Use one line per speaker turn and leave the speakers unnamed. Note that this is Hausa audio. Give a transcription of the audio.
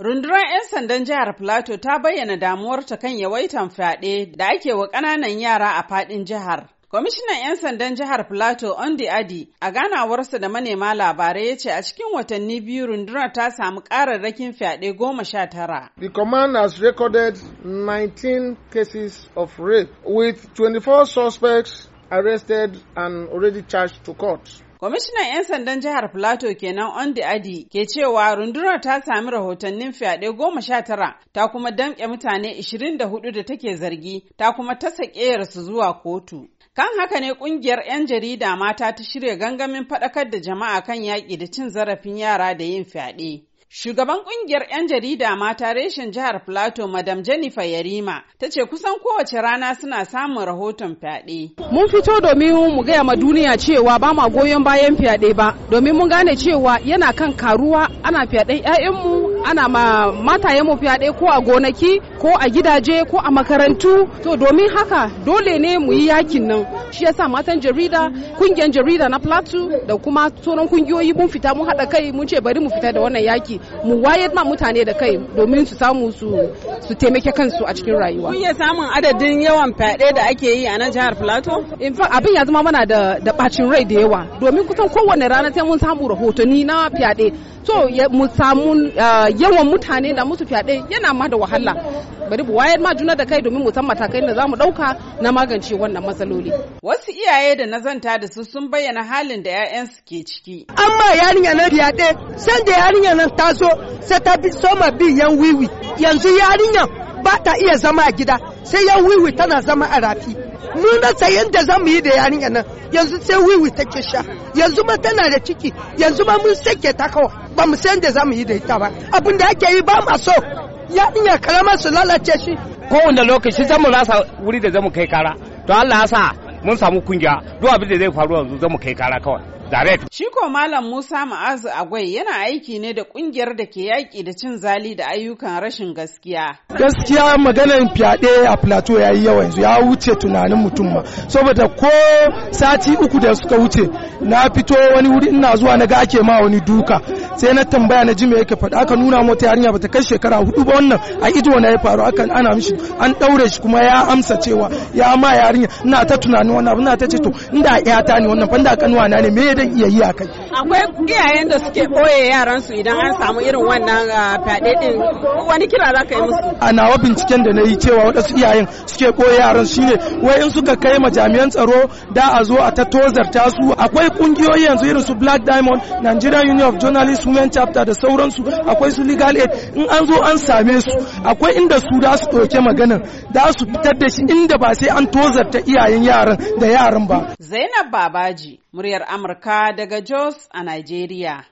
Rundunar 'yan sandan jihar Filato ta bayyana damuwarta kan yawaitan fyaɗe da ake wa ƙananan yara a faɗin jihar. Kwamishinan 'yan sandan jihar Filato Ondi Adi a ganawarsa da manema labarai ya ce a cikin watanni biyu rundunar ta samu ƙararrakin fyaɗe goma sha tara.
The command has recorded 19 cases
of rape with 24 suspects arrested and already charged to court. Kwamishinan 'yan sandan jihar Filato kenan on the Adi ke cewa rundunar ta sami rahotannin fyaɗe goma sha tara ta kuma damƙe mutane 24 da take zargi ta kuma ta su zuwa kotu. Kan haka ne ƙungiyar 'yan jarida mata ta shirya gangamin faɗakar da jama'a kan yaƙi da cin zarafin yara da yin fyaɗe. Shugaban kungiyar 'yan jarida mata reshen jihar Plateau Madam Jennifer Yarima ta ce kusan kowace rana suna samun rahoton fyaɗe.
Mun fito domin mu gaya ma duniya cewa ba ma goyon bayan fyaɗe ba domin mun gane cewa yana kan karuwa ana fyaɗe 'ya'yanmu ana ma mataye mu fyaɗe ko a gonaki ko a gidaje ko a makarantu to domin haka dole ne mu yi yakin nan shi yasa matan jarida kungiyar jarida na plateau da kuma sauran kungiyoyi mun fita mun haɗa kai mun ce bari mu fita da wannan yaki mu wayar ma mutane da kai domin su samu su su taimake kansu a cikin rayuwa. Kun
iya samun adadin
yawan fyaɗe da ake yi a nan jihar Filato? In fact abin ya zama mana da da bacin rai da yawa domin kusan kowane rana sai mun samu rahotanni na fyaɗe. To mu samu ah, yawan mutane da musu fyaɗe yana ma da wahala. Bari bu wayar ma juna da kai domin mu san matakai da zamu ɗauka na magance wannan matsaloli.
Wasu iyaye da nazanta da su sun bayyana halin da 'ya'yansu ke
ciki. Amma yarinya na fyaɗe, san da yarinya nan taso sai ta bi soma bi yan wiwi yanzu yarinya ba ta iya zama a gida sai yan wiwi tana zama a rafi mu na sayan da za mu yi da yarinya nan yanzu sai wiwi take sha yanzu ma tana da ciki yanzu ma mun sake ta kawo ba mu sayan da za mu yi da ita ba abin da ake yi ba ma so yarinya karama su lalace shi kowane lokaci
zan mu rasa wuri da zamu kai kara to Allah ya sa mun samu kungiya duk abin da zai faru yanzu zamu kai kara kawai
direct.
Shiko Malam Musa Ma'azu Agwai yana aiki ne da kungiyar da ke yaƙi da cin zali da ayyukan rashin gaskiya.
Gaskiya maganar fyaɗe a plateau ya yi yawa yanzu ya wuce tunanin mutum ma. Saboda ko sati uku da suka wuce na fito wani wuri ina zuwa na gake ma wani duka. sai na tambaya na ji me yake faɗa aka nuna mota yarinya bata kai shekara hudu ba wannan a ido na ya faru akan ana mishi an daure shi kuma ya amsa cewa ya ma yarinya ina ta tunanin wannan abu ina ta ce to inda yata ne wannan fanda kanuwa na ne me dan iya yi akai
akwai iyayen da suke boye yaran su idan an samu irin wannan ah, fyaɗe din wani kira za ka yi musu
a nawa binciken da na yi cewa waɗansu iyayen suke boye yaran su shine wai in suka kai ma jami'an tsaro da a zo a ta tozarta su akwai kungiyoyi yanzu irin su Black Diamond Nigerian Union of Journalists women chapter da sauransu akwai su legal aid in an zo an same su akwai inda su da su ɗauke magana da su fitar da shi inda ba sai an tozarta iyayen yaran da yaran ba.
Zainab Babaji, muryar Amurka daga Jos a Najeriya.